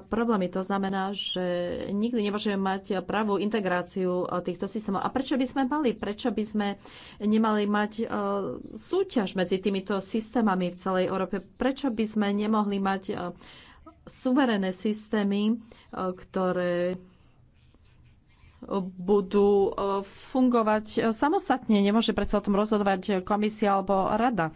problémy. To znamená, že nikdy nemôžeme mať pravú integráciu eh, týchto systémov. A prečo by sme mali? Prečo by sme nemali mať eh, súťaž medzi týmito systémami v celej Európe? Prečo by sme nemohli mať eh, suverené systémy, ktoré budú fungovať samostatne. Nemôže predsa o tom rozhodovať komisia alebo rada.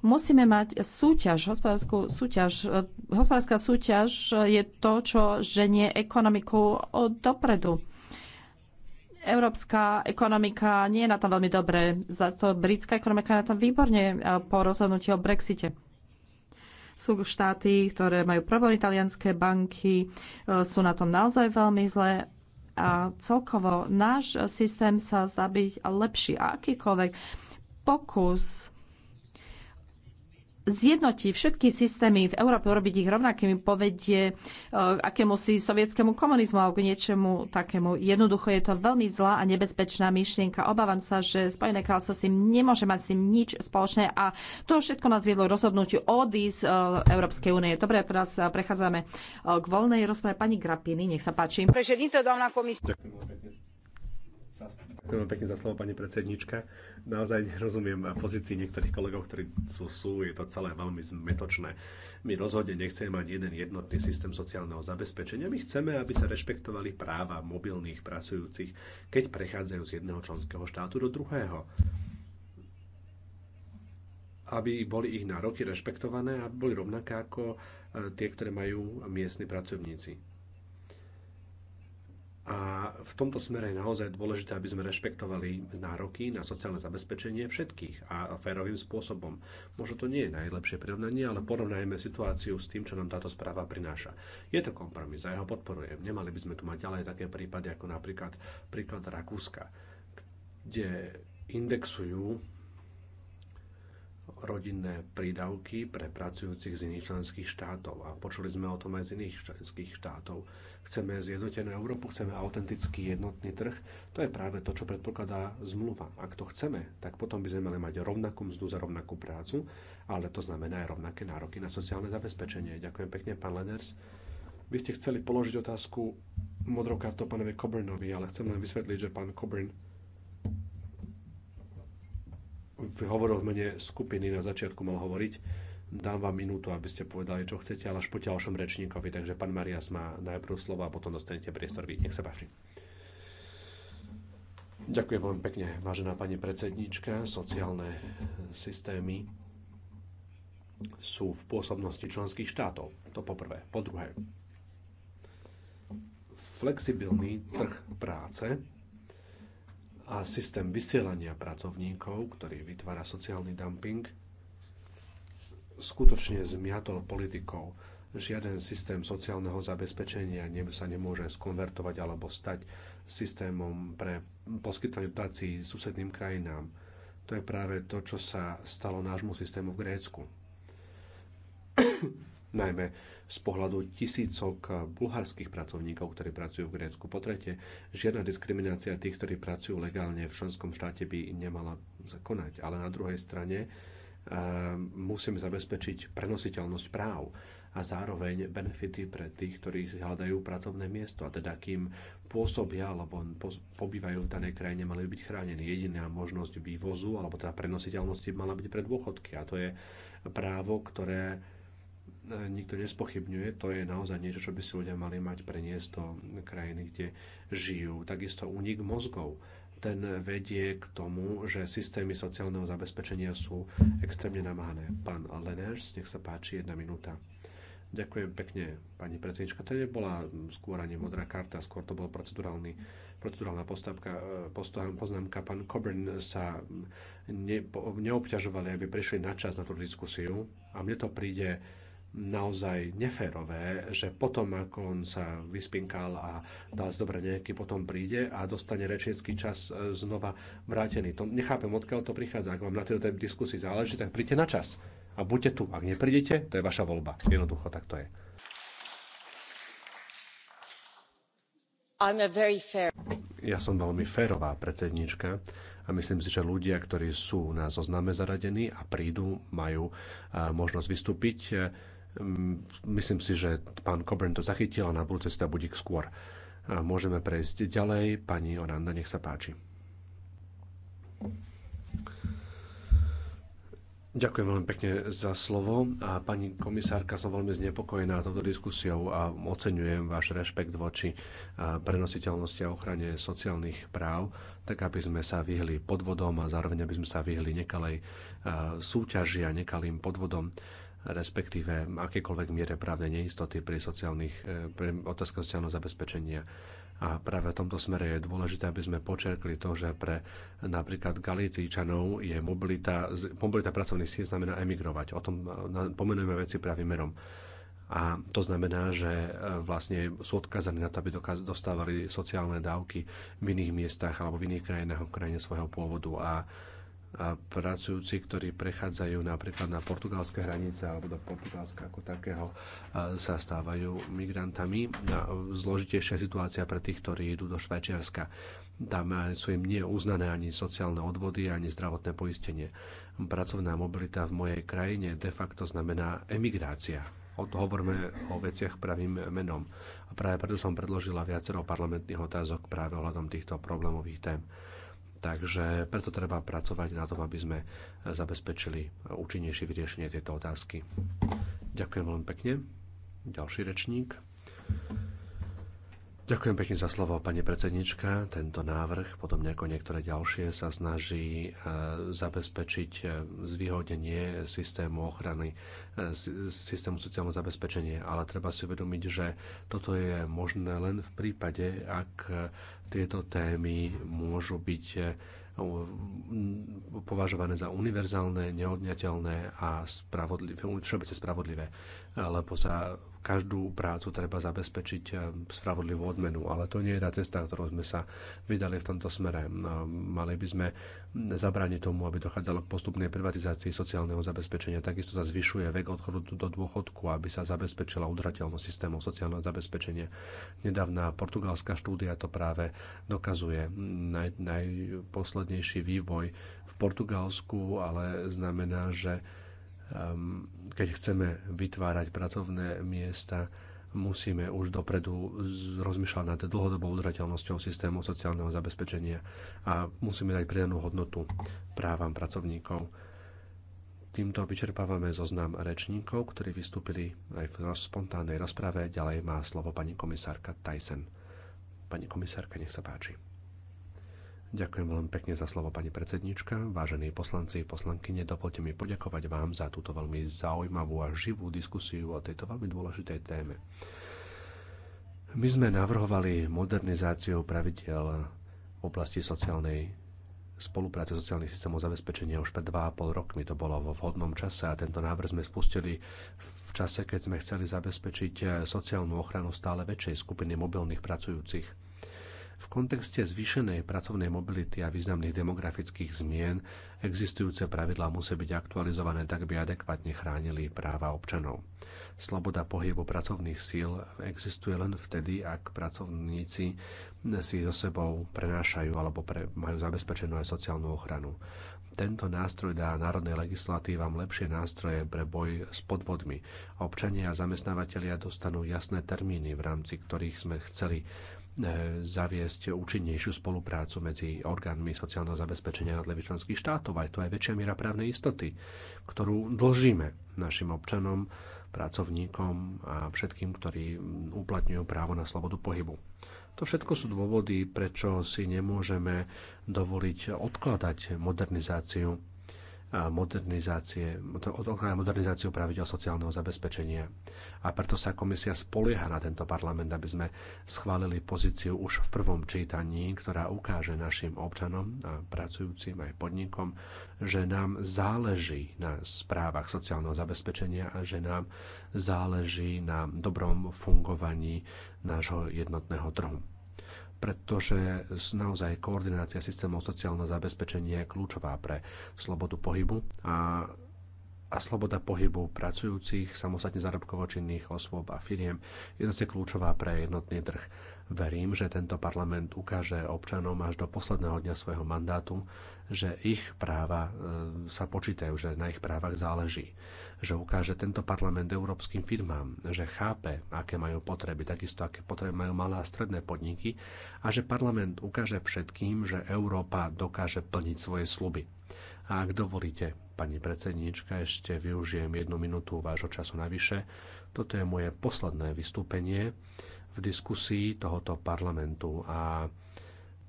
Musíme mať súťaž, hospodárskú súťaž. E, hospodárska súťaž je to, čo ženie ekonomiku dopredu. Európska ekonomika nie je na tom veľmi dobre, za to britská ekonomika je na tom výborne e, po rozhodnutí o Brexite. Sú štáty, ktoré majú problém, italianské banky e, sú na tom naozaj veľmi zle a celkovo náš systém sa zdá byť lepší. A akýkoľvek pokus zjednotí všetky systémy v Európe, urobiť ich rovnakými, povedie e, akému si sovietskému komunizmu alebo k niečomu takému. Jednoducho je to veľmi zlá a nebezpečná myšlienka. Obávam sa, že Spojené kráľovstvo s tým nemôže mať s tým nič spoločné a to všetko nás viedlo rozhodnutiu odísť e, Európskej únie. Dobre, a teraz e, prechádzame k voľnej rozprave. Pani Grapiny, nech sa páči. Ďakujem. Ďakujem pekne za slovo, pani predsednička. Naozaj nerozumiem pozícii niektorých kolegov, ktorí sú, sú, je to celé veľmi zmetočné. My rozhodne nechceme mať jeden jednotný systém sociálneho zabezpečenia. My chceme, aby sa rešpektovali práva mobilných pracujúcich, keď prechádzajú z jedného členského štátu do druhého aby boli ich nároky rešpektované a boli rovnaké ako e, tie, ktoré majú miestni pracovníci. A v tomto smere je naozaj dôležité, aby sme rešpektovali nároky na sociálne zabezpečenie všetkých a férovým spôsobom. Možno to nie je najlepšie prirovnanie, ale porovnajme situáciu s tým, čo nám táto správa prináša. Je to kompromis a ja ho podporujem. Nemali by sme tu mať ďalej také prípady ako napríklad príklad Rakúska, kde indexujú rodinné prídavky pre pracujúcich z iných členských štátov. A počuli sme o tom aj z iných členských štátov. Chceme zjednotenú Európu, chceme autentický jednotný trh. To je práve to, čo predpokladá zmluva. Ak to chceme, tak potom by sme mali mať rovnakú mzdu za rovnakú prácu, ale to znamená aj rovnaké nároky na sociálne zabezpečenie. Ďakujem pekne, pán Leners. Vy ste chceli položiť otázku modrou kartou pánovi Coburnovi, ale chcem len vysvetliť, že pán Coburn hovoril v mene skupiny, na začiatku mal hovoriť. Dám vám minútu, aby ste povedali, čo chcete, ale až po ďalšom rečníkovi. Takže pán Marias má najprv slovo a potom dostanete priestor vy. Nech sa páči. Ďakujem veľmi pekne, vážená pani predsedníčka. Sociálne systémy sú v pôsobnosti členských štátov. To poprvé. Po druhé, flexibilný trh práce a systém vysielania pracovníkov, ktorý vytvára sociálny dumping, skutočne zmiatol politikov. Žiaden systém sociálneho zabezpečenia sa nemôže skonvertovať alebo stať systémom pre poskytovanie dotácií susedným krajinám. To je práve to, čo sa stalo nášmu systému v Grécku najmä z pohľadu tisícok bulharských pracovníkov, ktorí pracujú v Grécku. Po tretie, žiadna diskriminácia tých, ktorí pracujú legálne v členskom štáte by nemala konať. Ale na druhej strane eh, musíme zabezpečiť prenositeľnosť práv a zároveň benefity pre tých, ktorí si hľadajú pracovné miesto. A teda kým pôsobia alebo pobývajú v danej krajine, mali byť chránení. Jediná možnosť vývozu alebo teda prenositeľnosti mala byť pre dôchodky. A to je právo, ktoré nikto nespochybňuje, to je naozaj niečo, čo by si ľudia mali mať preniesť do krajiny, kde žijú. Takisto únik mozgov ten vedie k tomu, že systémy sociálneho zabezpečenia sú extrémne namáhané. Pán Leners, nech sa páči, jedna minúta. Ďakujem pekne, pani predsednička. To nebola skôr ani modrá karta, skôr to bola procedurálny, procedurálna postavka, eh, poznámka. Pán Coburn sa ne, neobťažovali, aby prišli na čas na tú diskusiu a mne to príde naozaj neférové, že potom, ako on sa vyspinkal a dá z dobre nejaký, potom príde a dostane rečnícky čas e, znova vrátený. To nechápem, odkiaľ to prichádza. Ak vám na tejto diskusii záleží, tak príďte na čas. A buďte tu. Ak neprídete, to je vaša voľba. Jednoducho, tak to je. Fair... Ja som veľmi férová predsedníčka a myslím si, že ľudia, ktorí sú na zozname zaradení a prídu, majú e, možnosť vystúpiť e, Mm, myslím si, že pán Coburn to zachytil a na budúce sa bude skôr. môžeme prejsť ďalej. Pani Oranda, nech sa páči. Ďakujem veľmi pekne za slovo. A pani komisárka, som veľmi znepokojená touto diskusiou a oceňujem váš rešpekt voči prenositeľnosti a ochrane sociálnych práv, tak aby sme sa vyhli podvodom a zároveň aby sme sa vyhli nekalej súťaži a nekalým podvodom respektíve akékoľvek miere právne neistoty pri, sociálnych, e, pri otázka sociálneho zabezpečenia. A práve v tomto smere je dôležité, aby sme počerkli to, že pre napríklad Galícičanov je mobilita, mobilita pracovných síl znamená emigrovať. O tom e, pomenujeme veci pravým merom. A to znamená, že e, vlastne sú odkazaní na to, aby dostávali sociálne dávky v iných miestach alebo v iných krajinách v krajine svojho pôvodu. A pracujúci, ktorí prechádzajú napríklad na portugalské hranice alebo do Portugalska ako takého sa stávajú migrantami. Zložitejšia situácia pre tých, ktorí idú do Švajčiarska. Tam sú im neuznané ani sociálne odvody, ani zdravotné poistenie. Pracovná mobilita v mojej krajine de facto znamená emigrácia. Hovorme o veciach pravým menom. A práve preto som predložila viacero parlamentných otázok práve ohľadom týchto problémových tém. Takže preto treba pracovať na tom, aby sme zabezpečili účinnejšie vyriešenie tejto otázky. Ďakujem veľmi pekne. Ďalší rečník. Ďakujem pekne za slovo, pani predsednička. Tento návrh, podobne ako niektoré ďalšie, sa snaží e, zabezpečiť e, zvýhodnenie systému ochrany, e, systému sociálneho zabezpečenia, ale treba si uvedomiť, že toto je možné len v prípade, ak tieto témy môžu byť eh, považované za univerzálne, neodňateľné a spravodlivé, všeobecne spravodlivé, lebo sa každú prácu treba zabezpečiť eh, spravodlivú odmenu, ale to nie je tá cesta, ktorou sme sa vydali v tomto smere. No, mali by sme zabrániť tomu, aby dochádzalo k postupnej privatizácii sociálneho zabezpečenia. Takisto sa zvyšuje vek odchodu do dôchodku, aby sa zabezpečila udržateľnosť systémov sociálneho zabezpečenia. Nedávna portugalská štúdia to práve dokazuje. Naj, najposlednejší vývoj v Portugalsku ale znamená, že Ehm, keď chceme vytvárať pracovné miesta, musíme už dopredu rozmýšľať nad dlhodobou udržateľnosťou systému sociálneho zabezpečenia a musíme dať pridanú hodnotu právam pracovníkov. Týmto vyčerpávame zoznam rečníkov, ktorí vystúpili aj v spontánnej rozprave. Ďalej má slovo pani komisárka Tyson. Pani komisárka, nech sa páči. Ďakujem veľmi pekne za slovo, pani predsednička. Vážení poslanci, poslankyne, dovolte mi poďakovať vám za túto veľmi zaujímavú a živú diskusiu o tejto veľmi dôležitej téme. My sme navrhovali modernizáciu pravidel v oblasti sociálnej spolupráce sociálnych systémov zabezpečenia už pred 2,5 rokmi. To bolo vo vhodnom čase a tento návrh sme spustili v čase, keď sme chceli zabezpečiť sociálnu ochranu stále väčšej skupiny mobilných pracujúcich. V kontexte zvýšenej pracovnej mobility a významných demografických zmien existujúce pravidlá musia byť aktualizované tak, by adekvátne chránili práva občanov. Sloboda pohybu pracovných síl existuje len vtedy, ak pracovníci si so sebou prenášajú alebo pre, majú zabezpečenú aj sociálnu ochranu. Tento nástroj dá národnej legislatívam lepšie nástroje pre boj s podvodmi. Občania a zamestnávateľia dostanú jasné termíny, v rámci ktorých sme chceli E, zaviesť účinnejšiu spoluprácu medzi orgánmi sociálneho zabezpečenia jednotlivých členských štátov. Aj to je väčšia miera právnej istoty, ktorú dlžíme našim občanom, pracovníkom a všetkým, ktorí uplatňujú právo na slobodu pohybu. To všetko sú dôvody, prečo si nemôžeme dovoliť odkladať modernizáciu modernizácie, od ochrany modernizáciu pravidel sociálneho zabezpečenia. A preto sa komisia spolieha na tento parlament, aby sme schválili pozíciu už v prvom čítaní, ktorá ukáže našim občanom a pracujúcim aj podnikom, že nám záleží na správach sociálneho zabezpečenia a že nám záleží na dobrom fungovaní nášho jednotného trhu pretože naozaj koordinácia systémov sociálneho zabezpečenia je kľúčová pre slobodu pohybu a a sloboda pohybu pracujúcich, samostatne zárobkovo činných osôb a firiem je zase kľúčová pre jednotný trh. Verím, že tento parlament ukáže občanom až do posledného dňa svojho mandátu, že ich práva e, sa počítajú, že na ich právach záleží. Že ukáže tento parlament európskym firmám, že chápe, aké majú potreby, takisto aké potreby majú malé a stredné podniky a že parlament ukáže všetkým, že Európa dokáže plniť svoje sluby. A ak dovolíte, pani predsedníčka, ešte využijem jednu minútu vášho času navyše. Toto je moje posledné vystúpenie v diskusii tohoto parlamentu a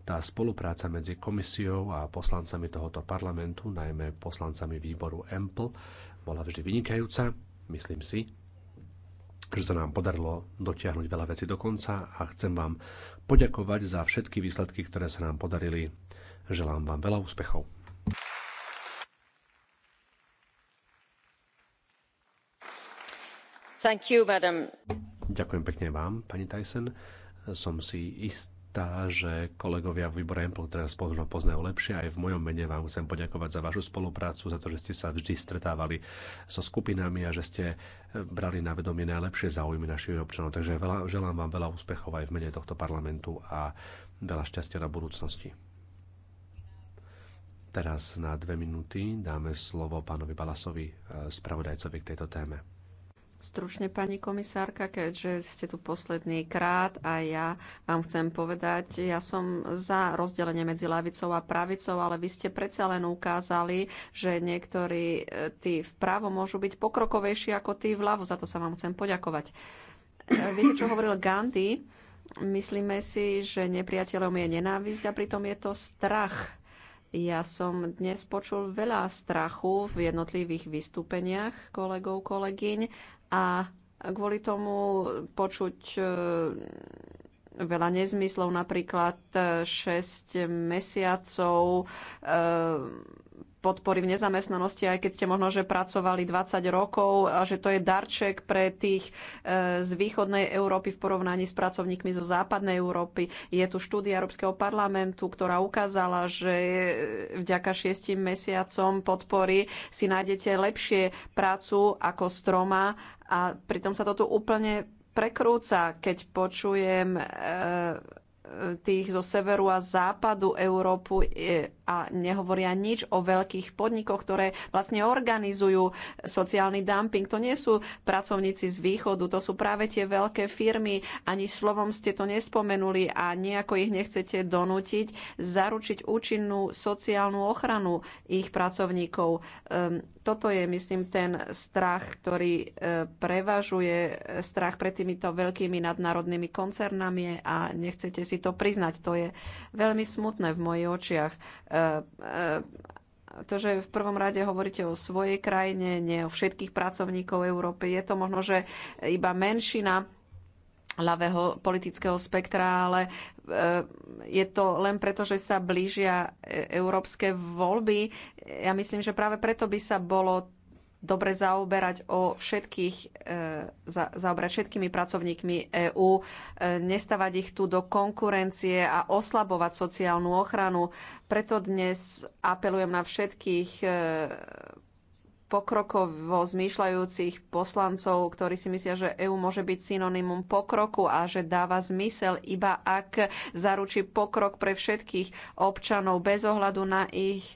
tá spolupráca medzi komisiou a poslancami tohoto parlamentu, najmä poslancami výboru EMPL, bola vždy vynikajúca, myslím si, že sa nám podarilo dotiahnuť veľa vecí do konca a chcem vám poďakovať za všetky výsledky, ktoré sa nám podarili. Želám vám veľa úspechov. Thank you, madam. Ďakujem pekne vám, pani Tyson. Som si istá, že kolegovia v výbore Ample teraz možno poznajú lepšie. Aj v mojom mene vám chcem poďakovať za vašu spoluprácu, za to, že ste sa vždy stretávali so skupinami a že ste brali na vedomie najlepšie záujmy našich občanov. Takže veľa, želám vám veľa úspechov aj v mene tohto parlamentu a veľa šťastia na budúcnosti. Teraz na dve minúty dáme slovo pánovi Balasovi, spravodajcovi k tejto téme. Stručne, pani komisárka, keďže ste tu posledný krát a ja vám chcem povedať, ja som za rozdelenie medzi lavicou a pravicou, ale vy ste predsa len ukázali, že niektorí e, tí vpravo môžu byť pokrokovejší ako tí vľavo. Za to sa vám chcem poďakovať. E, viete, čo hovoril Gandhi? Myslíme si, že nepriateľom je nenávisť a pritom je to strach. Ja som dnes počul veľa strachu v jednotlivých vystúpeniach kolegov, kolegyň a kvôli tomu počuť e, veľa nezmyslov, napríklad 6 e, mesiacov e, podpory v nezamestnanosti, aj keď ste možno, že pracovali 20 rokov a že to je darček pre tých e, z východnej Európy v porovnaní s pracovníkmi zo západnej Európy. Je tu štúdia Európskeho parlamentu, ktorá ukázala, že e, vďaka šiestim mesiacom podpory si nájdete lepšie prácu ako stroma a pritom sa to tu úplne prekrúca, keď počujem e, tých zo severu a západu Európu e, a nehovoria nič o veľkých podnikoch, ktoré vlastne organizujú sociálny dumping. To nie sú pracovníci z východu, to sú práve tie veľké firmy. Ani slovom ste to nespomenuli a nejako ich nechcete donútiť zaručiť účinnú sociálnu ochranu ich pracovníkov. Ehm, toto je, myslím, ten strach, ktorý e, prevažuje strach pred týmito veľkými nadnárodnými koncernami a nechcete si to priznať. To je veľmi smutné v mojich očiach. E, e, to, že v prvom rade hovoríte o svojej krajine, nie o všetkých pracovníkov Európy, je to možno, že iba menšina ľavého politického spektra, ale eh, je to len preto, že sa blížia eh, európske voľby. Ja myslím, že práve preto by sa bolo dobre zaoberať o všetkých, eh, za, zaoberať všetkými pracovníkmi EÚ, nestavať ich tu do konkurencie a oslabovať sociálnu ochranu. Preto dnes apelujem na všetkých pokrokovo zmýšľajúcich poslancov, ktorí si myslia, že EÚ môže byť synonymum pokroku a že dáva zmysel iba ak zaručí pokrok pre všetkých občanov bez ohľadu na ich e,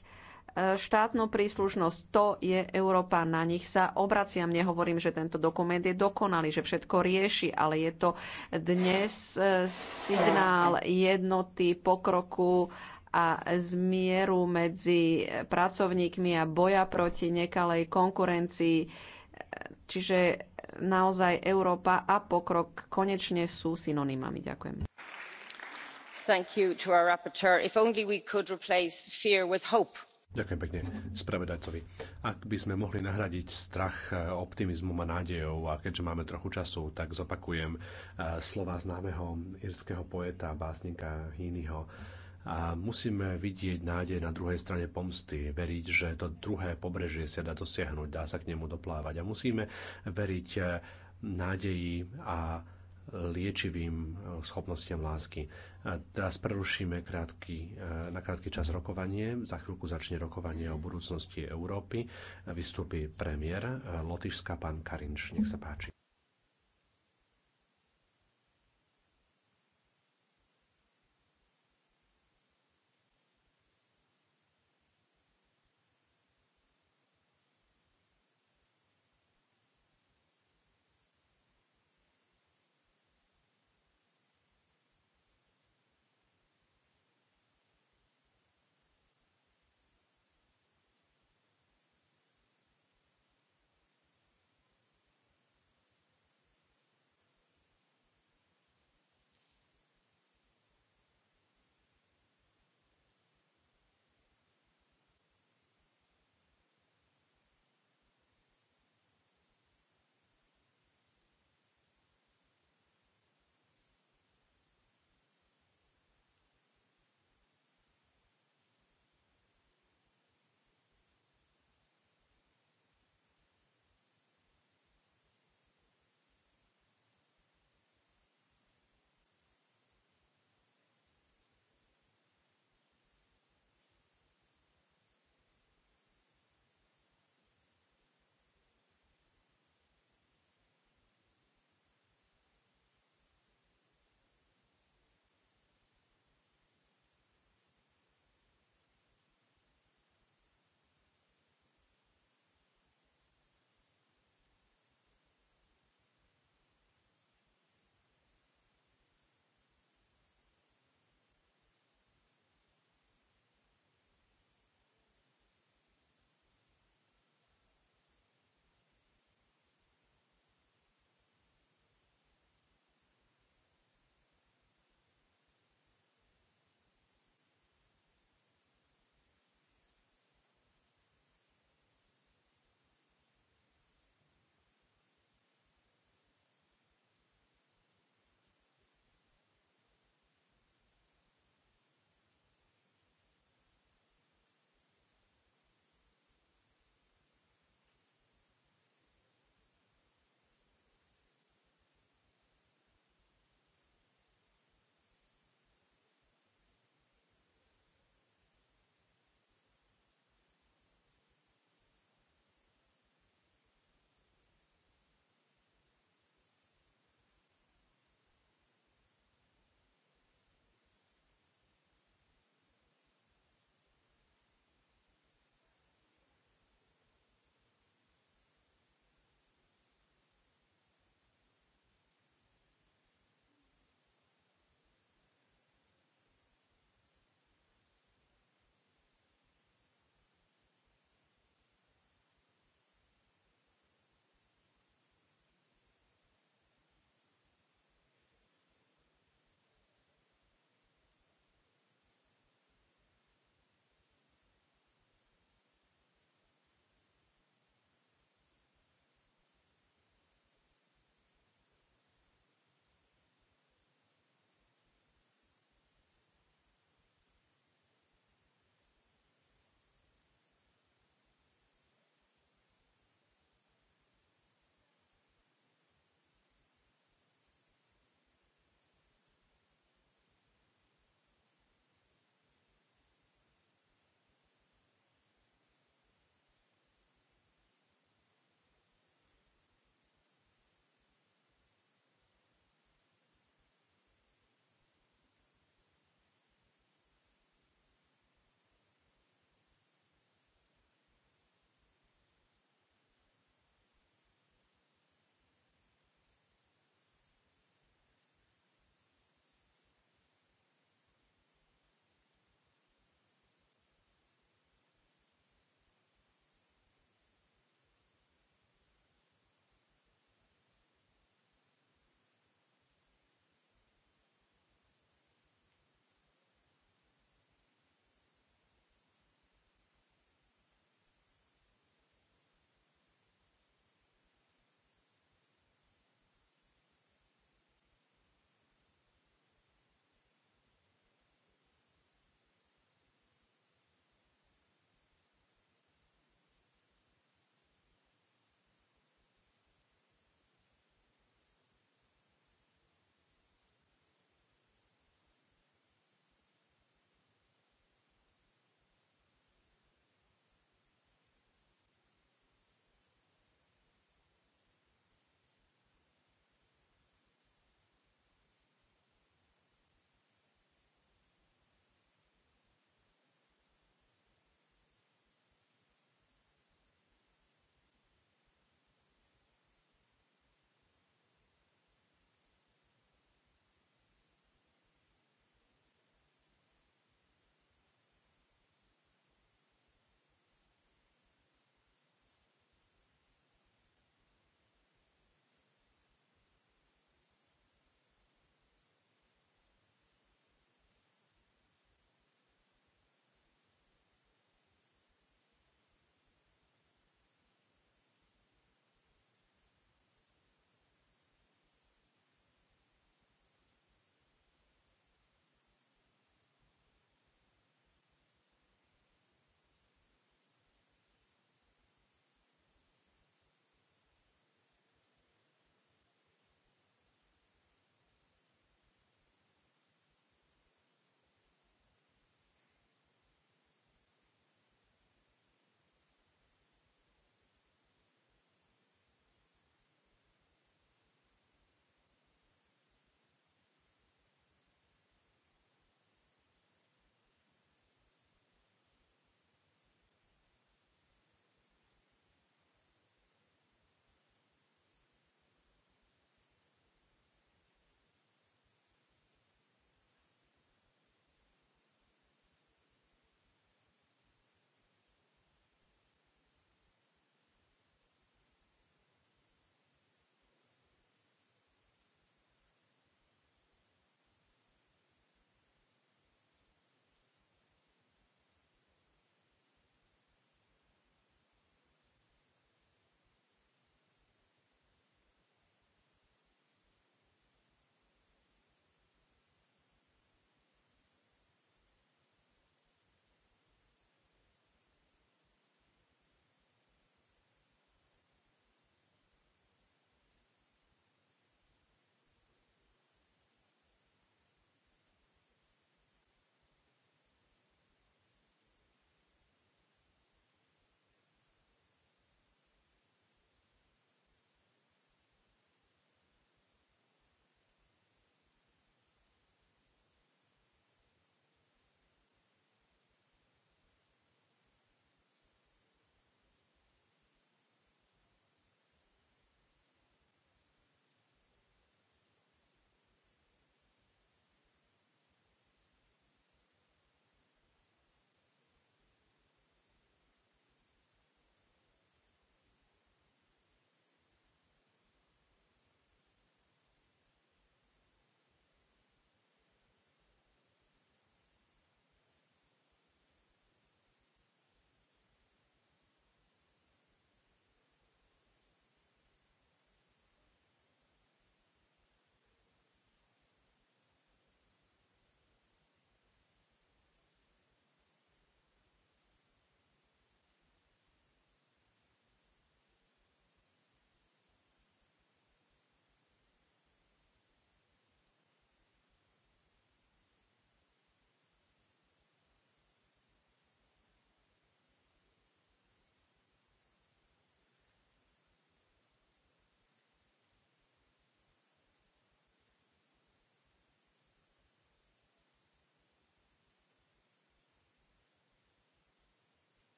štátnu príslušnosť, to je Európa, na nich sa obraciam. Nehovorím, že tento dokument je dokonalý, že všetko rieši, ale je to dnes e, signál jednoty, pokroku, a zmieru medzi pracovníkmi a boja proti nekalej konkurencii. Čiže naozaj Európa a pokrok konečne sú synonymami. Ďakujem. Ďakujem pekne spravedajcovi. Ak by sme mohli nahradiť strach eh, optimizmom a nádejou, a keďže máme trochu času, tak zopakujem eh, slova známeho írskeho poeta, básnika Hínyho a musíme vidieť nádej na druhej strane pomsty, veriť, že to druhé pobrežie sa dá dosiahnuť, dá sa k nemu doplávať. A musíme veriť eh, nádeji a liečivým eh, schopnostiam lásky. A teraz prerušíme krátky, eh, na krátky čas rokovanie. Za chvíľku začne rokovanie o budúcnosti Európy. Vystúpi premiér Lotyšská pán Karinč. Nech sa páči.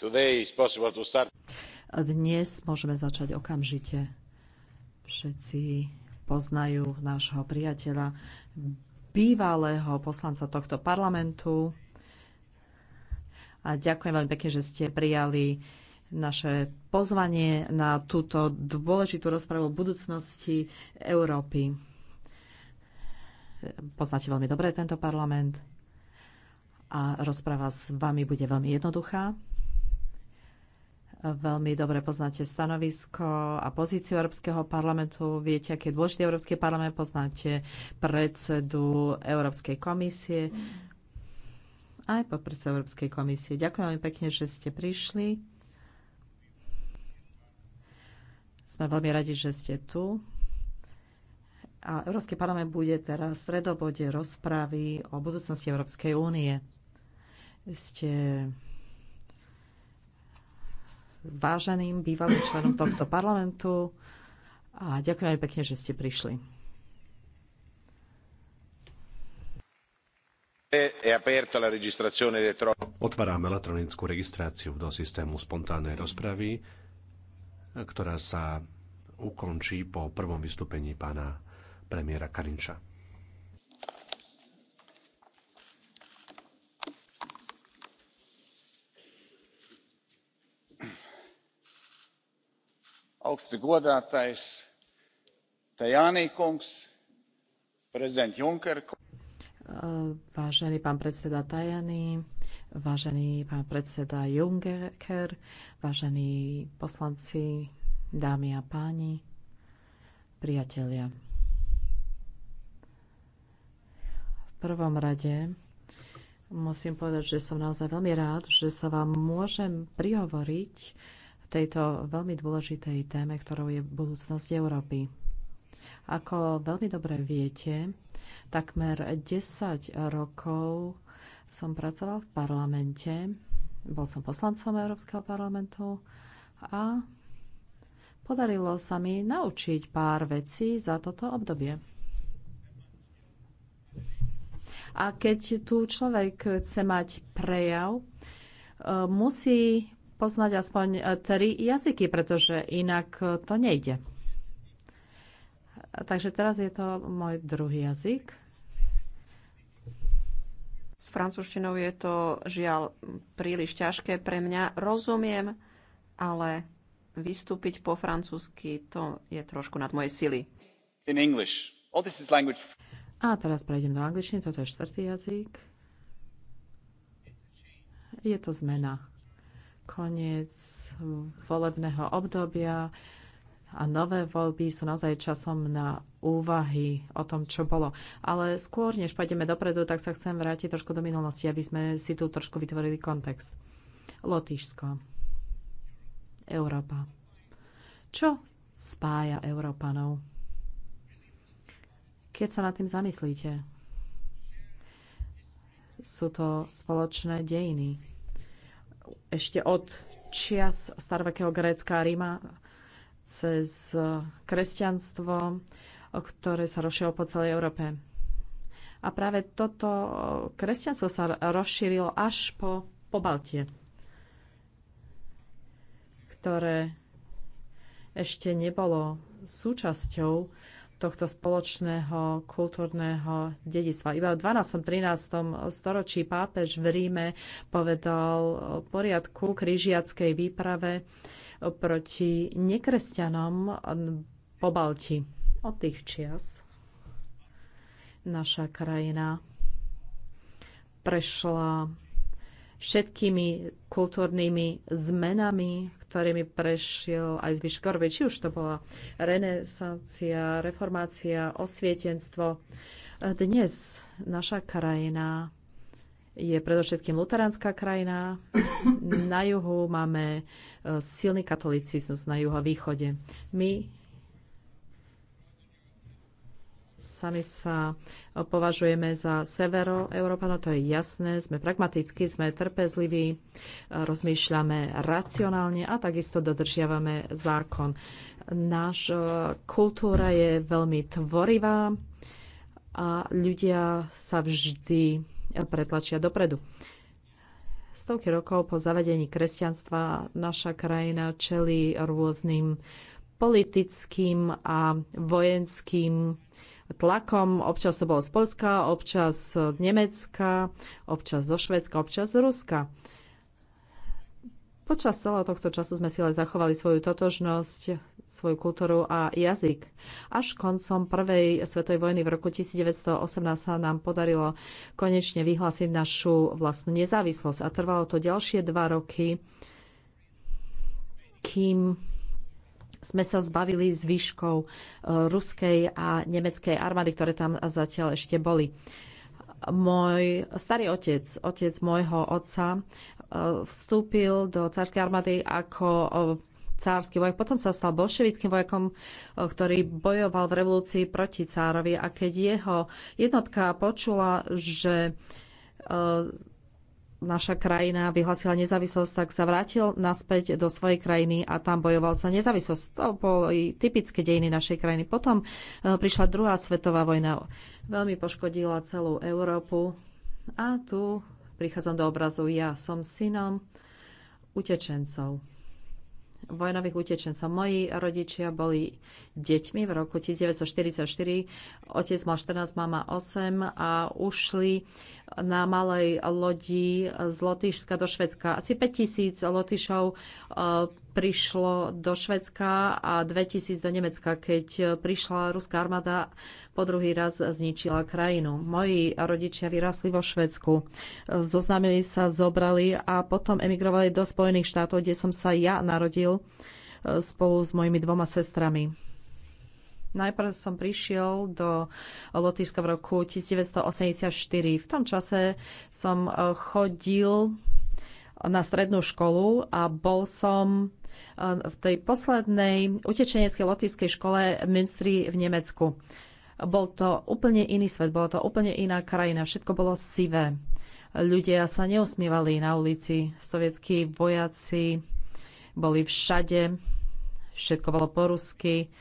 Dnes môžeme začať okamžite. Všetci poznajú nášho priateľa, bývalého poslanca tohto parlamentu. A ďakujem veľmi pekne, že ste prijali naše pozvanie na túto dôležitú rozpravu o budúcnosti Európy. Poznáte veľmi dobre tento parlament a rozpráva s vami bude veľmi jednoduchá. Veľmi dobre poznáte stanovisko a pozíciu Európskeho parlamentu, viete, aký je dôležitý Európsky parlament, poznáte predsedu Európskej komisie, aj podpredsedu Európskej komisie. Ďakujem veľmi pekne, že ste prišli. Sme veľmi radi, že ste tu. A Európsky parlament bude teraz v stredobode rozprávy o budúcnosti Európskej únie. Ste váženým bývalým členom tohto parlamentu a ďakujem aj pekne, že ste prišli. Otváram elektronickú registráciu do systému spontánnej rozpravy, ktorá sa ukončí po prvom vystúpení pána premiéra Karinča. augsti godātais tajani kungs prezident juncker Vážený pán predseda Tajani, vážený pán predseda Juncker, vážení poslanci, dámy a páni, priatelia. V prvom rade musím povedať, že som naozaj veľmi rád, že sa vám môžem prihovoriť tejto veľmi dôležitej téme, ktorou je budúcnosť Európy. Ako veľmi dobre viete, takmer 10 rokov som pracoval v parlamente, bol som poslancom Európskeho parlamentu a podarilo sa mi naučiť pár vecí za toto obdobie. A keď tu človek chce mať prejav, e, musí poznať aspoň e, tri jazyky, pretože inak e, to nejde. Takže teraz je to môj druhý jazyk. S francúzštinou je to žiaľ príliš ťažké pre mňa. Rozumiem, ale vystúpiť po francúzsky to je trošku nad moje sily. In English. All this is language. A teraz prejdem do angličtiny, toto je štvrtý jazyk. Je to zmena koniec volebného obdobia a nové voľby sú naozaj časom na úvahy o tom, čo bolo. Ale skôr, než pôjdeme dopredu, tak sa chcem vrátiť trošku do minulosti, aby sme si tu trošku vytvorili kontext. Lotyšsko. Európa. Čo spája Európanov? Keď sa nad tým zamyslíte, sú to spoločné dejiny, ešte od čias starovekého Grécka a Ríma cez kresťanstvo, ktoré sa rozšírilo po celej Európe. A práve toto kresťanstvo sa rozšírilo až po, po Baltie, ktoré ešte nebolo súčasťou tohto spoločného kultúrneho dedictva. Iba v 12. 13. storočí pápež v Ríme povedal o poriadku križiackej výprave proti nekresťanom po Balti. Od tých čias naša krajina prešla všetkými kultúrnymi zmenami, ktorými prešiel aj zvyšok Európy. Či už to bola renesancia, reformácia, osvietenstvo. Dnes naša krajina je predovšetkým luteránska krajina. Na juhu máme e, silný katolicizmus na východe. My Sami sa považujeme za severoeurópanov, to je jasné. Sme pragmatickí, sme trpezliví, rozmýšľame racionálne a takisto dodržiavame zákon. Náš e, kultúra je veľmi tvorivá a ľudia sa vždy pretlačia dopredu. Stovky rokov po zavedení kresťanstva naša krajina čelí rôznym politickým a vojenským tlakom. Občas to bolo z Polska, občas z Nemecka, občas zo Švedska, občas z Ruska. Počas celého tohto času sme si ale zachovali svoju totožnosť, svoju kultúru a jazyk. Až koncom prvej svetovej vojny v roku 1918 sa nám podarilo konečne vyhlásiť našu vlastnú nezávislosť a trvalo to ďalšie dva roky, kým sme sa zbavili zvyškov eh, ruskej a nemeckej armády, ktoré tam zatiaľ ešte boli. Môj starý otec, otec môjho otca, eh, vstúpil do cárskej armády ako eh, cársky vojak. Potom sa stal bolševickým vojakom, ktorý bojoval v revolúcii proti cárovi. A keď jeho jednotka počula, že naša krajina vyhlasila nezávislosť, tak sa vrátil naspäť do svojej krajiny a tam bojoval za nezávislosť. To boli typické dejiny našej krajiny. Potom e, prišla druhá svetová vojna. Veľmi poškodila celú Európu. A tu prichádzam do obrazu. Ja som synom utečencov vojnových utečencov. Moji rodičia boli deťmi v roku 1944. Otec mal 14, mama 8 a ušli na malej lodi z Lotyšska do Švedska. Asi 5000 Lotyšov eh, prišlo do Švedska a 2000 do Nemecka, keď prišla ruská armáda, po druhý raz zničila krajinu. Moji rodičia vyrasli vo Švedsku. Zoznámili sa, zobrali a potom emigrovali do Spojených štátov, kde som sa ja narodil e, spolu s mojimi dvoma sestrami. Najprv som prišiel do Lotyšska v roku 1984. V tom čase som e, chodil na strednú školu a bol som e, v tej poslednej utečeneckej lotiskej škole Münstri v Nemecku. Bol to úplne iný svet, bola to úplne iná krajina, všetko bolo sivé. Ľudia sa neusmievali na ulici, sovietskí vojaci boli všade, všetko bolo po rusky,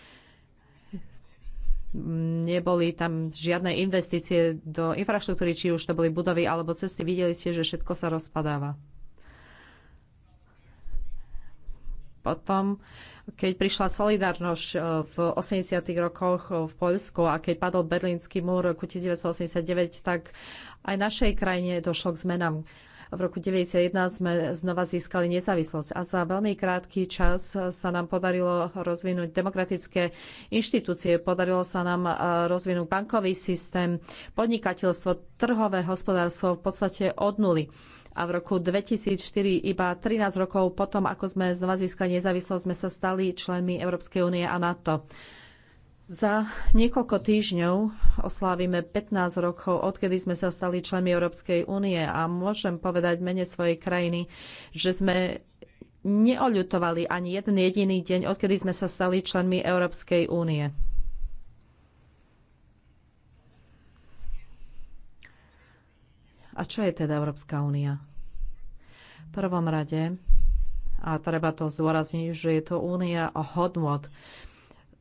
neboli tam žiadne investície do infraštruktúry, či už to boli budovy alebo cesty. Videli ste, že všetko sa rozpadáva. potom, keď prišla solidarnosť e, v 80. rokoch e, v Poľsku a keď padol Berlínsky múr v roku 1989, tak aj našej krajine došlo k zmenám. V roku 1991 sme znova získali nezávislosť a za veľmi krátky čas sa nám podarilo rozvinúť demokratické inštitúcie, podarilo sa nám e, rozvinúť bankový systém, podnikateľstvo, trhové hospodárstvo v podstate od nuly a v roku 2004, iba 13 rokov potom, ako sme znova získali nezávislosť, sme sa stali členmi Európskej únie a NATO. Za niekoľko týždňov oslávime 15 rokov, odkedy sme sa stali členmi Európskej únie a môžem povedať mene svojej krajiny, že sme neoľutovali ani jeden jediný deň, odkedy sme sa stali členmi Európskej únie. A čo je teda Európska únia? prvom rade, a treba to zdôrazniť, že je to únia o hodnot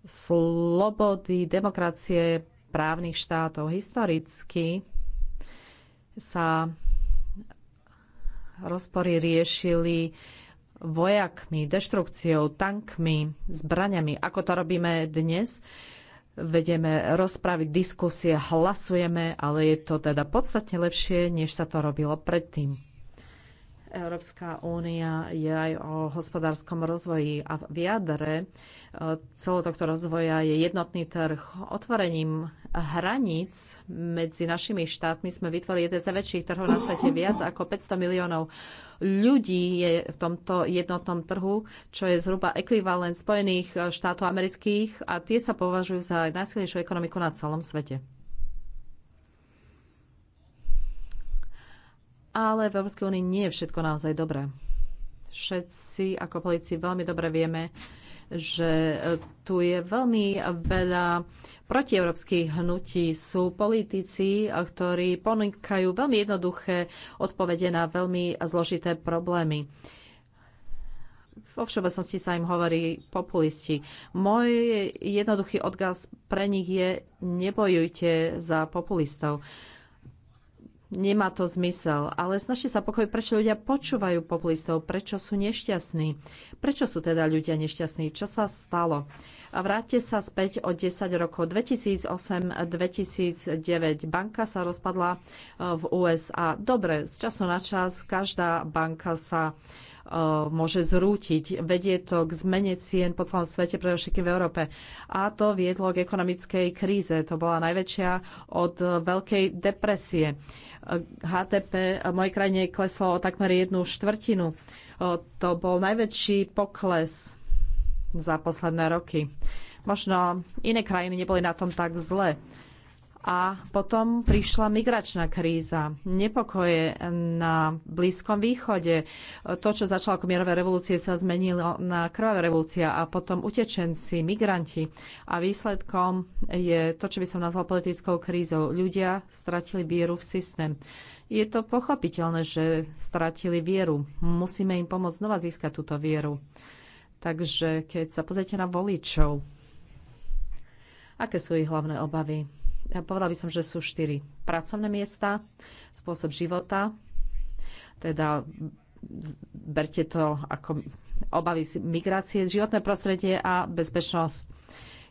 slobody, demokracie, právnych štátov. Historicky sa rozpory riešili vojakmi, deštrukciou, tankmi, zbraniami. Ako to robíme dnes? Vedeme rozpravy, diskusie, hlasujeme, ale je to teda podstatne lepšie, než sa to robilo predtým. Európska únia je aj o hospodárskom rozvoji a v jadre e, celého tohto rozvoja je jednotný trh. Otvorením hraníc medzi našimi štátmi sme vytvorili jeden z najväčších trhov na svete. Viac ako 500 miliónov ľudí je v tomto jednotnom trhu, čo je zhruba ekvivalent Spojených štátov amerických a tie sa považujú za najsilnejšiu ekonomiku na celom svete. Ale v Európskej únii nie je všetko naozaj dobré. Všetci ako polici veľmi dobre vieme, že e, tu je veľmi veľa protieurópskych hnutí. Sú politici, e, ktorí ponúkajú veľmi jednoduché odpovede na veľmi zložité problémy. Vo všeobecnosti sa im hovorí populisti. Môj jednoduchý odkaz pre nich je nebojujte za populistov. Nemá to zmysel, ale snažte sa pochopiť, prečo ľudia počúvajú populistov, prečo sú nešťastní. Prečo sú teda ľudia nešťastní? Čo sa stalo? A vráťte sa späť o 10 rokov 2008-2009. Banka sa rozpadla eh, v USA. Dobre, z času na čas každá banka sa Eh, môže zrútiť. Vedie to k zmene cien po celom svete, predovšetkým v Európe. A to viedlo k ekonomickej kríze. To bola najväčšia od Veľkej depresie. HTP eh, v mojej krajine kleslo o takmer jednu štvrtinu. Eh, to bol najväčší pokles za posledné roky. Možno iné krajiny neboli na tom tak zle a potom prišla migračná kríza, nepokoje na Blízkom východe. To, čo začalo ako mierové revolúcie, sa zmenilo na krvavá revolúcia a potom utečenci, migranti. A výsledkom je to, čo by som nazval politickou krízou. Ľudia stratili vieru v systém. Je to pochopiteľné, že stratili vieru. Musíme im pomôcť znova získať túto vieru. Takže keď sa pozrite na voličov, aké sú ich hlavné obavy? ja povedala by som, že sú štyri pracovné miesta, spôsob života, teda berte to ako obavy z migrácie, životné prostredie a bezpečnosť.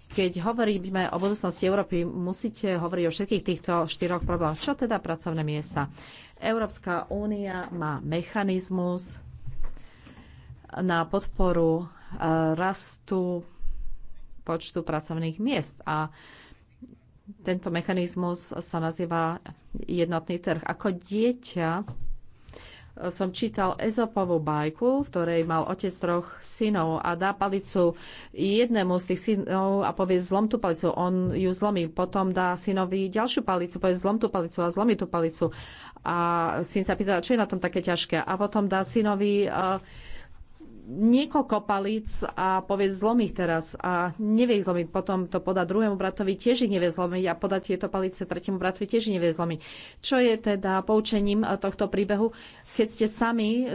Keď hovoríme o budúcnosti Európy, musíte hovoriť o všetkých týchto štyroch problémoch. Čo teda pracovné miesta? Európska únia má mechanizmus na podporu eh, rastu počtu pracovných miest a tento mechanizmus sa nazýva jednotný trh. Ako dieťa e, som čítal Ezopovú bajku, v ktorej mal otec troch synov a dá palicu jednému z tých synov a povie zlom tú palicu, on ju zlomí. Potom dá synovi ďalšiu palicu, povie zlom tú palicu a zlomí tú palicu. A syn sa pýta, čo je na tom také ťažké. A potom dá synovi uh, niekoľko palíc a povie zlom ich teraz a nevie ich zlomiť. Potom to podá druhému bratovi, tiež ich nevie zlomiť a poda tieto palice tretiemu bratovi, tiež ich nevie zlomiť. Čo je teda poučením eh, tohto príbehu? Keď ste sami,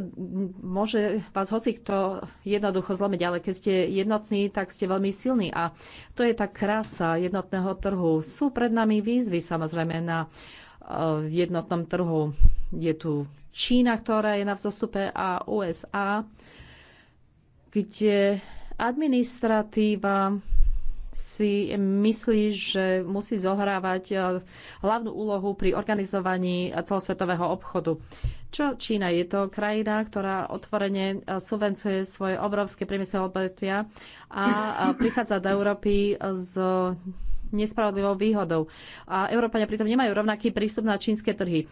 môže vás hoci kto jednoducho zlomiť, ale keď ste jednotní, tak ste veľmi silní a to je tá krása jednotného trhu. Sú pred nami výzvy samozrejme na eh, jednotnom trhu. Je tu Čína, ktorá je na vzostupe a USA, kde administratíva si myslí, že musí zohrávať e, hlavnú úlohu pri organizovaní celosvetového obchodu. Čo Čína? Je to krajina, ktorá otvorene e, subvencuje svoje obrovské priemyselné odvetvia a e, prichádza do Európy s nespravodlivou výhodou. A Európania pritom nemajú rovnaký prístup na čínske trhy.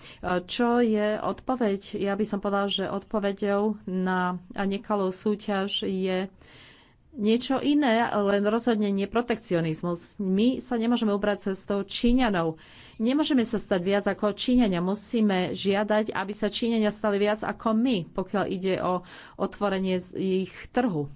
Čo je odpoveď? Ja by som povedal, že odpoveďou na nekalú súťaž je niečo iné, len rozhodne nie protekcionizmus. My sa nemôžeme ubrať cestou Číňanov. Nemôžeme sa stať viac ako Číňania. Musíme žiadať, aby sa Číňania stali viac ako my, pokiaľ ide o otvorenie ich trhu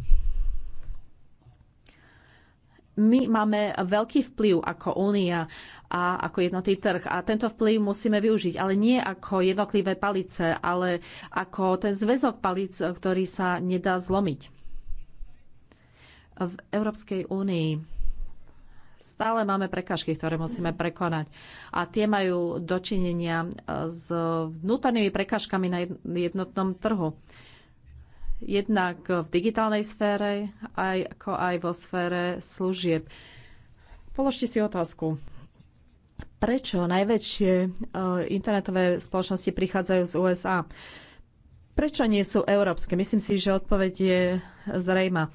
my máme veľký vplyv ako únia a ako jednotný trh a tento vplyv musíme využiť, ale nie ako jednotlivé palice, ale ako ten zväzok palic, ktorý sa nedá zlomiť. V Európskej únii stále máme prekažky, ktoré musíme prekonať. A tie majú dočinenia s vnútornými prekážkami na jednotnom trhu jednak v digitálnej sfére, aj ako aj vo sfére služieb. Položte si otázku. Prečo najväčšie e, internetové spoločnosti prichádzajú z USA? Prečo nie sú európske? Myslím si, že odpoveď je zrejma.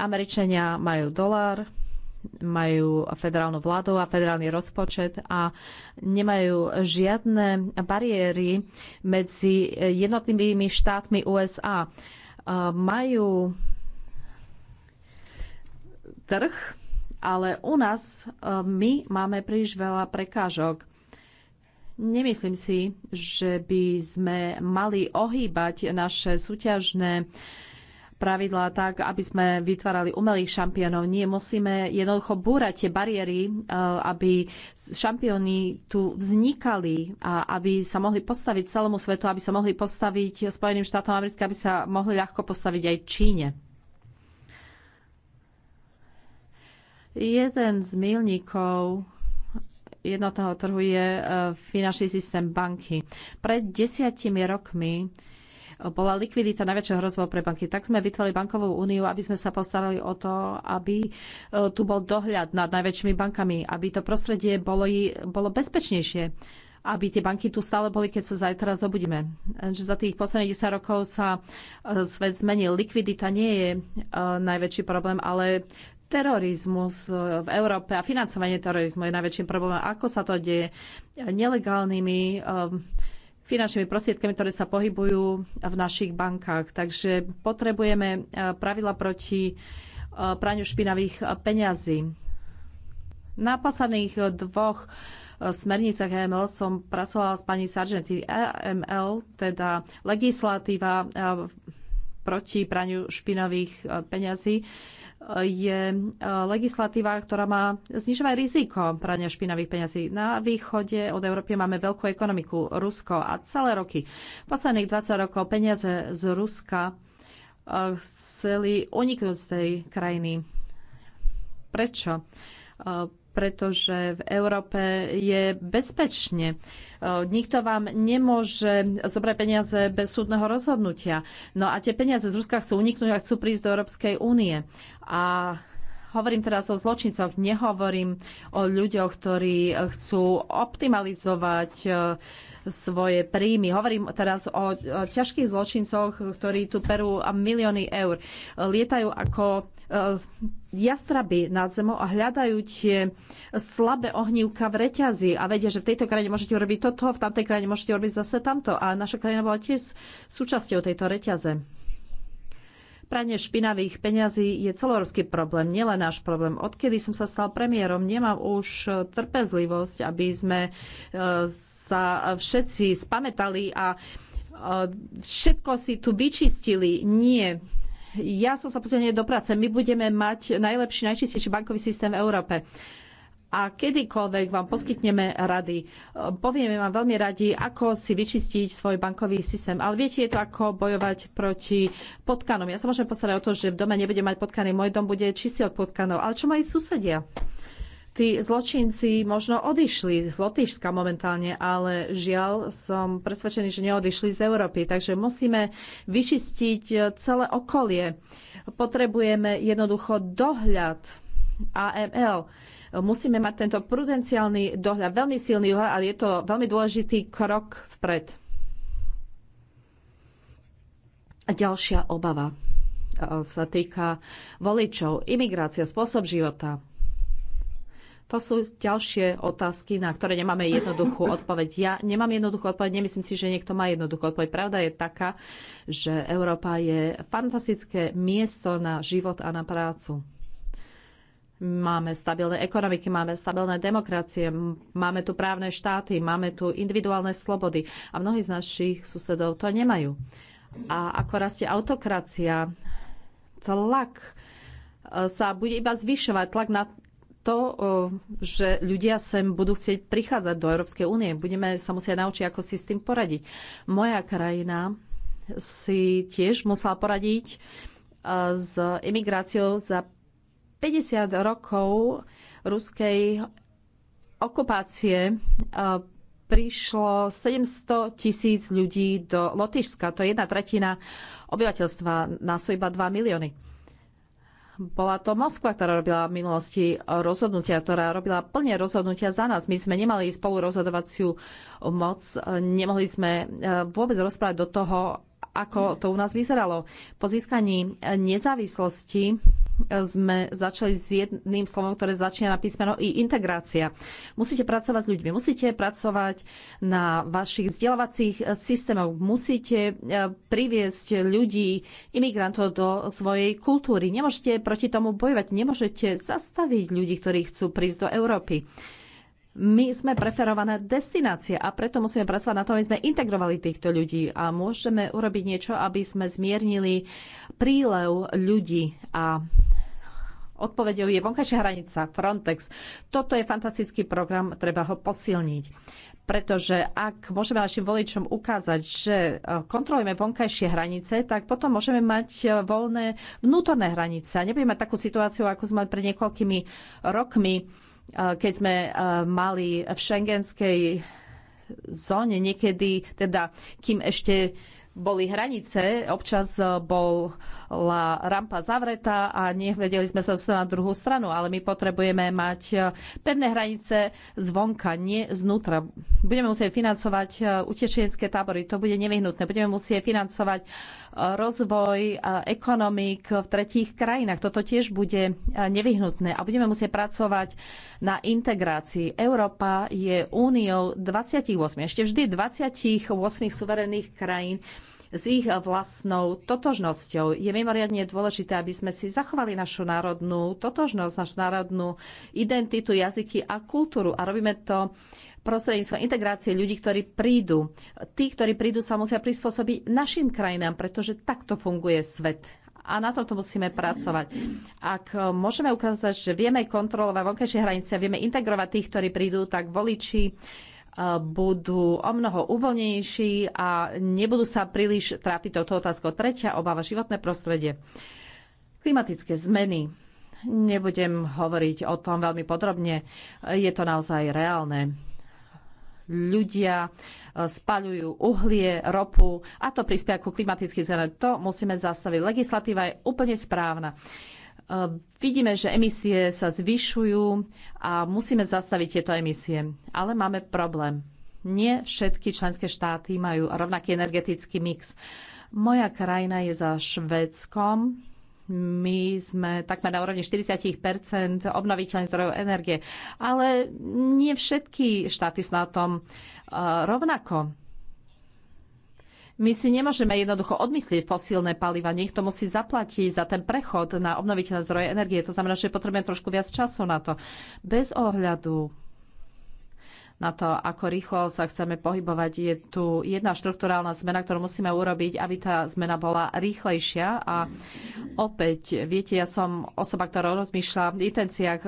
Američania majú dolár, majú federálnu vládu a federálny rozpočet a nemajú žiadne bariéry medzi jednotlivými štátmi USA. Majú trh, ale u nás my máme príliš veľa prekážok. Nemyslím si, že by sme mali ohýbať naše súťažné uh, pravidlá tak, aby sme vytvárali umelých šampiónov. Nie, musíme jednoducho búrať tie bariéry, eh, aby šampióny tu vznikali a aby sa mohli postaviť celému svetu, aby sa mohli postaviť Spojeným štátom americké, aby sa mohli ľahko postaviť aj Číne. Jeden z milníkov jednotného trhu je eh, finančný systém banky. Pred desiatimi rokmi bola likvidita najväčšou hrozbou pre banky. Tak sme vytvorili bankovú úniu, aby sme sa postarali o to, aby e, tu bol dohľad nad najväčšími bankami, aby to prostredie bolo, bolo bezpečnejšie aby tie banky tu stále boli, keď sa zajtra zobudíme. Že za tých posledných 10 rokov sa e, svet zmenil. Likvidita nie je e, najväčší problém, ale terorizmus v Európe a financovanie terorizmu je najväčším problémom. Ako sa to deje? Nelegálnymi finančnými prostriedkami, ktoré sa pohybujú v našich bankách. Takže potrebujeme e, pravidla proti e, praniu špinavých e, peňazí. Na posledných dvoch smernicách EML som pracovala s pani Sargenty. EML, teda legislatíva proti praniu špinavých peňazí, je e, legislatíva, ktorá má znižovať riziko prania špinavých peňazí. Na východe od Európy máme veľkú ekonomiku, Rusko a celé roky. Posledných 20 rokov peniaze z Ruska e, chceli uniknúť z tej krajiny. Prečo? E, pretože v Európe je bezpečne. E, nikto vám nemôže zobrať peniaze bez súdneho rozhodnutia. No a tie peniaze z Ruska chcú uniknúť a chcú prísť do Európskej únie. A Hovorím teraz o zločincoch, nehovorím o ľuďoch, ktorí chcú optimalizovať e, svoje príjmy. Hovorím teraz o ťažkých zločincoch, ktorí tu perú milióny eur. Lietajú ako e, jastraby nad zemou a hľadajú tie slabé ohnívka v reťazi a vedia, že v tejto krajine môžete urobiť toto, v tamtej krajine môžete urobiť zase tamto. A naša krajina bola tiež súčasťou tejto reťaze pranie špinavých peňazí je celorovský problém, nielen náš problém. Odkedy som sa stal premiérom, nemám už e, trpezlivosť, aby sme e, sa všetci spametali a e, všetko si tu vyčistili. Nie. Ja som sa pozrieť do práce. My budeme mať najlepší, najčistejší bankový systém v Európe a kedykoľvek vám poskytneme rady. Povieme vám veľmi radi, ako si vyčistiť svoj bankový systém. Ale viete, je to ako bojovať proti potkanom. Ja sa môžem postarať o to, že v dome nebudem mať potkany, môj dom bude čistý od potkanov. Ale čo mají susedia? Tí zločinci možno odišli z Lotyšska momentálne, ale žiaľ som presvedčený, že neodišli z Európy. Takže musíme vyčistiť celé okolie. Potrebujeme jednoducho dohľad AML Musíme mať tento prudenciálny dohľad, veľmi silný dohľad, ale je to veľmi dôležitý krok vpred. A ďalšia obava e, sa týka voličov, imigrácia, spôsob života. To sú ďalšie otázky, na ktoré nemáme jednoduchú odpoveď. Ja nemám jednoduchú odpoveď, nemyslím si, že niekto má jednoduchú odpoveď. Pravda je taká, že Európa je fantastické miesto na život a na prácu. Máme stabilné ekonomiky, máme stabilné demokracie, máme tu právne štáty, máme tu individuálne slobody a mnohí z našich susedov to nemajú. A ako rastie autokracia, tlak e, sa bude iba zvyšovať, tlak na to, e, že ľudia sem budú chcieť prichádzať do Európskej únie. Budeme sa musieť naučiť, ako si s tým poradiť. Moja krajina si tiež musela poradiť e, s imigráciou za 50 rokov ruskej okupácie e, prišlo 700 tisíc ľudí do Lotyšska. To je jedna tretina obyvateľstva, na sú iba 2 milióny. Bola to Moskva, ktorá robila v minulosti rozhodnutia, ktorá robila plne rozhodnutia za nás. My sme nemali spolu rozhodovaciu moc, nemohli sme e, vôbec rozprávať do toho, ako to u nás vyzeralo. Po získaní nezávislosti sme začali s jedným slovom, ktoré začína na písmeno I, integrácia. Musíte pracovať s ľuďmi, musíte pracovať na vašich vzdelávacích systémoch, musíte e, priviesť ľudí, imigrantov do svojej kultúry. Nemôžete proti tomu bojovať, nemôžete zastaviť ľudí, ktorí chcú prísť do Európy. My sme preferované destinácie a preto musíme pracovať na tom, aby sme integrovali týchto ľudí a môžeme urobiť niečo, aby sme zmiernili prílev ľudí a odpovedou je vonkajšia hranica Frontex. Toto je fantastický program, treba ho posilniť. Pretože ak môžeme našim voličom ukázať, že e, kontrolujeme vonkajšie hranice, tak potom môžeme mať e, voľné vnútorné hranice. A nebudeme mať takú situáciu, ako sme mali pred niekoľkými rokmi, e, keď sme mali v šengenskej zóne niekedy, teda kým ešte boli hranice, občas eh, bola rampa zavretá a nevedeli sme sa dostať na druhú stranu, ale my potrebujeme mať eh, pevné hranice zvonka, nie znútra. Budeme musieť financovať eh, utečenské tábory, to bude nevyhnutné. Budeme musieť financovať rozvoj ekonomík v tretích krajinách. Toto tiež bude nevyhnutné a budeme musieť pracovať na integrácii. Európa je úniou 28, ešte vždy 28 suverených krajín, s ich vlastnou totožnosťou. Je mimoriadne dôležité, aby sme si zachovali našu národnú totožnosť, našu národnú identitu, jazyky a kultúru. A robíme to prostredníctvom integrácie ľudí, ktorí prídu. Tí, ktorí prídu, sa musia prispôsobiť našim krajinám, pretože takto funguje svet a na tomto musíme pracovať. Ak môžeme ukázať, že vieme kontrolovať vonkajšie hranice, vieme integrovať tých, ktorí prídu, tak voliči budú o mnoho uvoľnejší a nebudú sa príliš trápiť touto otázkou. Tretia obava, životné prostredie. Klimatické zmeny. Nebudem hovoriť o tom veľmi podrobne. Je to naozaj reálne ľudia e, spaľujú uhlie, ropu a to prispia ku klimatickým zmenám. To musíme zastaviť. Legislatíva je úplne správna. Eh, vidíme, že emisie sa zvyšujú a musíme zastaviť tieto emisie. Ale máme problém. Nie všetky členské štáty majú rovnaký energetický mix. Moja krajina je za Švedskom. My sme takmer na úrovni 40 obnoviteľných zdrojov energie. Ale nie všetky štáty sú na tom eh, rovnako. My si nemôžeme jednoducho odmyslieť fosílne paliva. Niekto musí zaplatiť za ten prechod na obnoviteľné zdroje energie. To znamená, že potrebujeme trošku viac času na to. Bez ohľadu na to, ako rýchlo sa chceme pohybovať. Je tu jedna štruktúrálna zmena, ktorú musíme urobiť, aby tá zmena bola rýchlejšia. A opäť, viete, ja som osoba, ktorá rozmýšľa v intenciách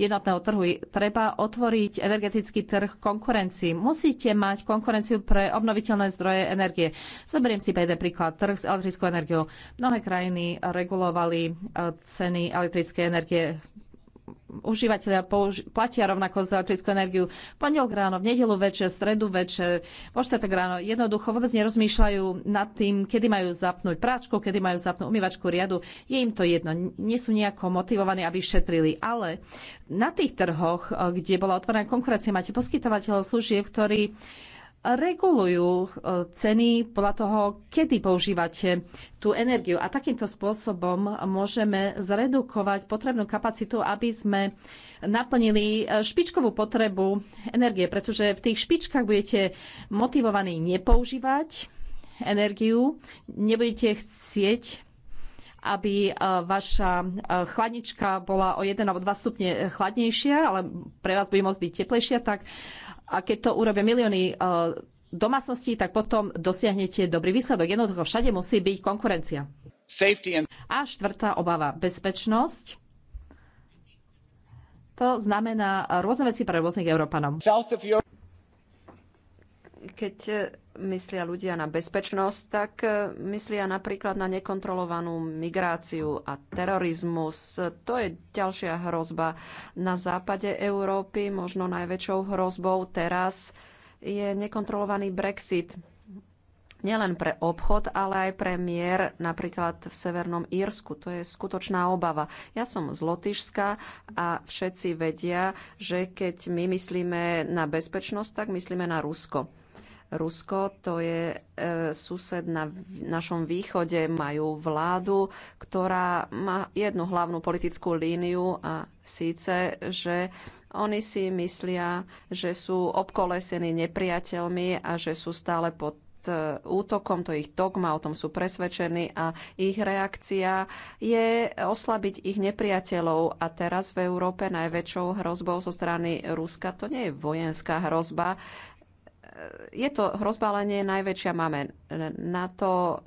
jednotného trhu. Treba otvoriť energetický trh konkurencii. Musíte mať konkurenciu pre obnoviteľné zdroje energie. Zoberiem si jeden príklad. Trh s elektrickou energiou. Mnohé krajiny regulovali e, ceny elektrickej energie užívateľia použi- platia rovnako za elektrickú energiu pondel pondelok ráno, v nedelu večer, v stredu večer, vo štvrtok ráno. Jednoducho vôbec nerozmýšľajú nad tým, kedy majú zapnúť práčku, kedy majú zapnúť umývačku riadu. Je im to jedno. Nie sú nejako motivovaní, aby šetrili. Ale na tých trhoch, kde bola otvorená konkurencia, máte poskytovateľov služieb, ktorí regulujú e, ceny podľa toho, kedy používate tú energiu. A takýmto spôsobom môžeme zredukovať potrebnú kapacitu, aby sme naplnili e, špičkovú potrebu energie, pretože v tých špičkách budete motivovaní nepoužívať energiu, nebudete chcieť aby e, vaša chladnička bola o 1 alebo 2 stupne chladnejšia, ale pre vás bude môcť byť teplejšia, tak a keď to urobia milióny eh, domácností, tak potom dosiahnete dobrý výsledok. Jednoducho všade musí byť konkurencia. A štvrtá obava, bezpečnosť. To znamená rôzne veci pre rôznych Európanov. Keď e, myslia ľudia na bezpečnosť, tak e, myslia napríklad na nekontrolovanú migráciu a terorizmus. To je ďalšia hrozba. Na západe Európy možno najväčšou hrozbou teraz je nekontrolovaný Brexit. Nielen pre obchod, ale aj pre mier, napríklad v Severnom Írsku. To je skutočná obava. Ja som z Lotyšska a všetci vedia, že keď my myslíme na bezpečnosť, tak myslíme na Rusko. Rusko to je e, sused na našom východe, majú vládu, ktorá má jednu hlavnú politickú líniu a síce, že oni si myslia, že sú obkolesení nepriateľmi a že sú stále pod e, útokom, to ich dogma, o tom sú presvedčení a ich reakcia je oslabiť ich nepriateľov a teraz v Európe najväčšou hrozbou zo strany Ruska to nie je vojenská hrozba, je to hrozba, ale nie najväčšia. Máme na to,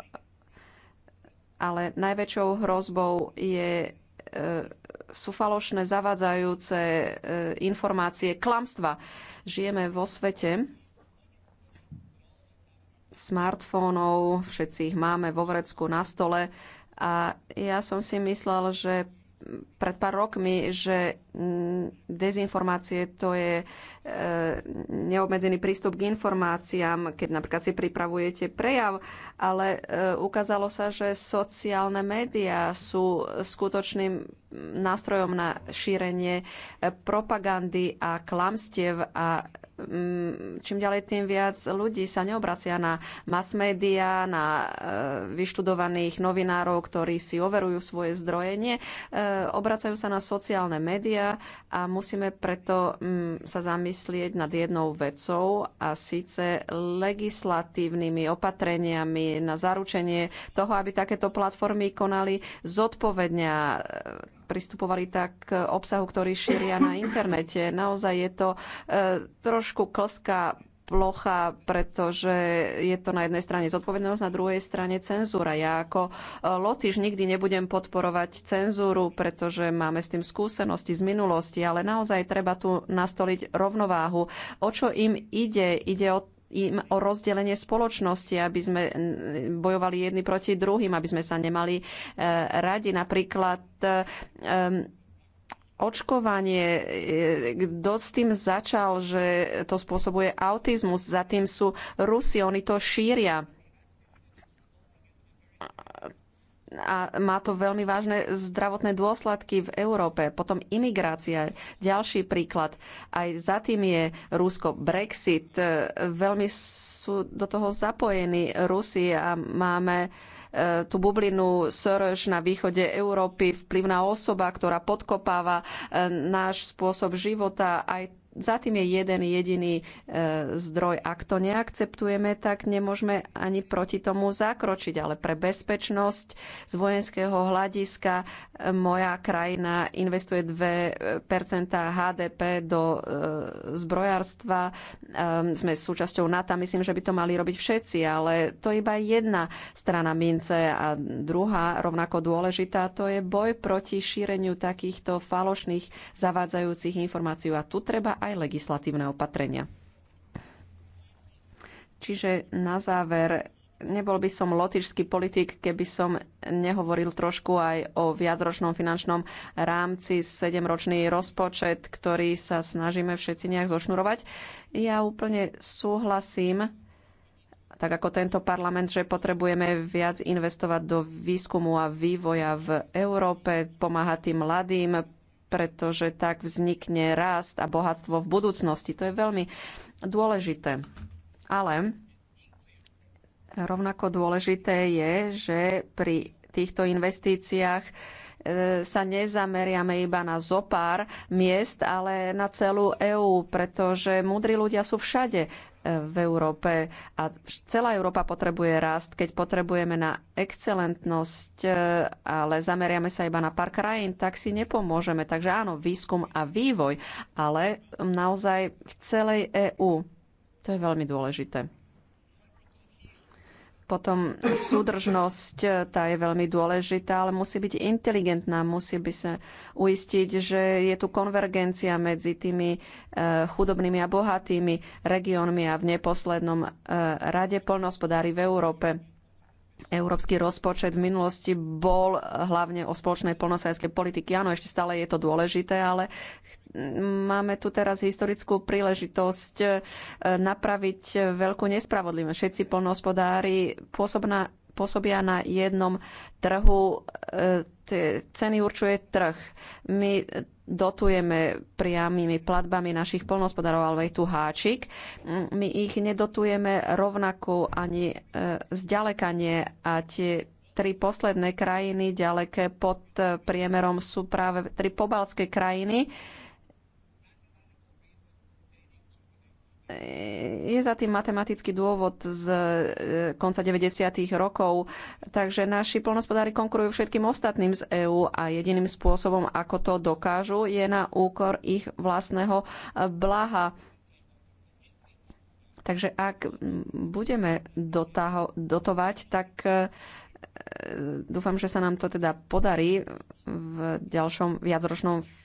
ale najväčšou hrozbou je, e, sú falošné, zavadzajúce e, informácie, klamstva. Žijeme vo svete smartfónov, všetci ich máme vo vrecku na stole a ja som si myslel, že pred pár rokmi, že mm, dezinformácie to je e, neobmedzený prístup k informáciám, keď napríklad si pripravujete prejav, ale e, ukázalo sa, že sociálne médiá sú skutočným nástrojom na šírenie e, propagandy a klamstiev a mm, čím ďalej tým viac ľudí sa neobracia na mass media, na e, vyštudovaných novinárov, ktorí si overujú svoje zdroje. Nie, e, obracajú sa na sociálne médiá a musíme preto mm, sa zamyslieť nad jednou vecou a síce legislatívnymi opatreniami na zaručenie toho, aby takéto platformy konali zodpovedne pristupovali tak k obsahu, ktorý šíria na internete. Naozaj je to e, trošku klská plocha, pretože je to na jednej strane zodpovednosť, na druhej strane cenzúra. Ja ako e, Lotyš nikdy nebudem podporovať cenzúru, pretože máme s tým skúsenosti z minulosti, ale naozaj treba tu nastoliť rovnováhu. O čo im ide? Ide o im o rozdelenie spoločnosti, aby sme mm, bojovali jedni proti druhým, aby sme sa nemali e, radi. Napríklad e, očkovanie, e, kto s tým začal, že to spôsobuje autizmus, za tým sú Rusi, oni to šíria. a má to veľmi vážne zdravotné dôsledky v Európe. Potom imigrácia, ďalší príklad. Aj za tým je Rusko. Brexit, e, veľmi sú do toho zapojení Rusi a máme e, tú bublinu sorož na východe Európy, vplyvná osoba, ktorá podkopáva e, náš spôsob života. Aj za tým je jeden jediný e, zdroj. Ak to neakceptujeme, tak nemôžeme ani proti tomu zakročiť. Ale pre bezpečnosť z vojenského hľadiska e, moja krajina investuje 2 e, HDP do e, zbrojárstva. E, sme súčasťou NATO. Myslím, že by to mali robiť všetci, ale to iba jedna strana mince a druhá, rovnako dôležitá, to je boj proti šíreniu takýchto falošných zavádzajúcich informácií. A tu treba aj legislatívne opatrenia. Čiže na záver, nebol by som lotišský politik, keby som nehovoril trošku aj o viacročnom finančnom rámci, sedemročný rozpočet, ktorý sa snažíme všetci nejak zošnurovať. Ja úplne súhlasím, tak ako tento parlament, že potrebujeme viac investovať do výskumu a vývoja v Európe, pomáhať tým mladým, pretože tak vznikne rast a bohatstvo v budúcnosti. To je veľmi dôležité. Ale rovnako dôležité je, že pri týchto investíciách e, sa nezameriame iba na zopár miest, ale na celú EÚ, pretože múdri ľudia sú všade v Európe. A celá Európa potrebuje rast, keď potrebujeme na excelentnosť, e, ale zameriame sa iba na pár krajín, tak si nepomôžeme. Takže áno, výskum a vývoj, ale naozaj v celej EÚ. To je veľmi dôležité. Potom súdržnosť, e, tá je veľmi dôležitá, ale musí byť inteligentná, musí by sa uistiť, že je tu konvergencia medzi tými e, chudobnými a bohatými regiónmi a v neposlednom e, rade polnohospodári v Európe Európsky rozpočet v minulosti bol hlavne o spoločnej polnosajskej politiky. Áno, ešte stále je to dôležité, ale máme tu teraz historickú príležitosť eh, napraviť eh, veľkú nespravodlivosť. Všetci polnohospodári pôsobná pôsobia na jednom trhu. E, tie ceny určuje trh. My dotujeme priamými platbami našich polnospodárov, ale aj tu háčik. My ich nedotujeme rovnako ani e, zďaleka nie a tie tri posledné krajiny ďaleké pod e, priemerom sú práve tri pobalské krajiny. E, je za tým matematický dôvod z e, konca 90. rokov, takže naši polnospodári konkurujú všetkým ostatným z EÚ a jediným spôsobom, ako to dokážu, je na úkor ich vlastného e, blaha. Takže ak budeme dotaho- dotovať, tak dúfam, že sa nám to teda podarí v ďalšom viacročnom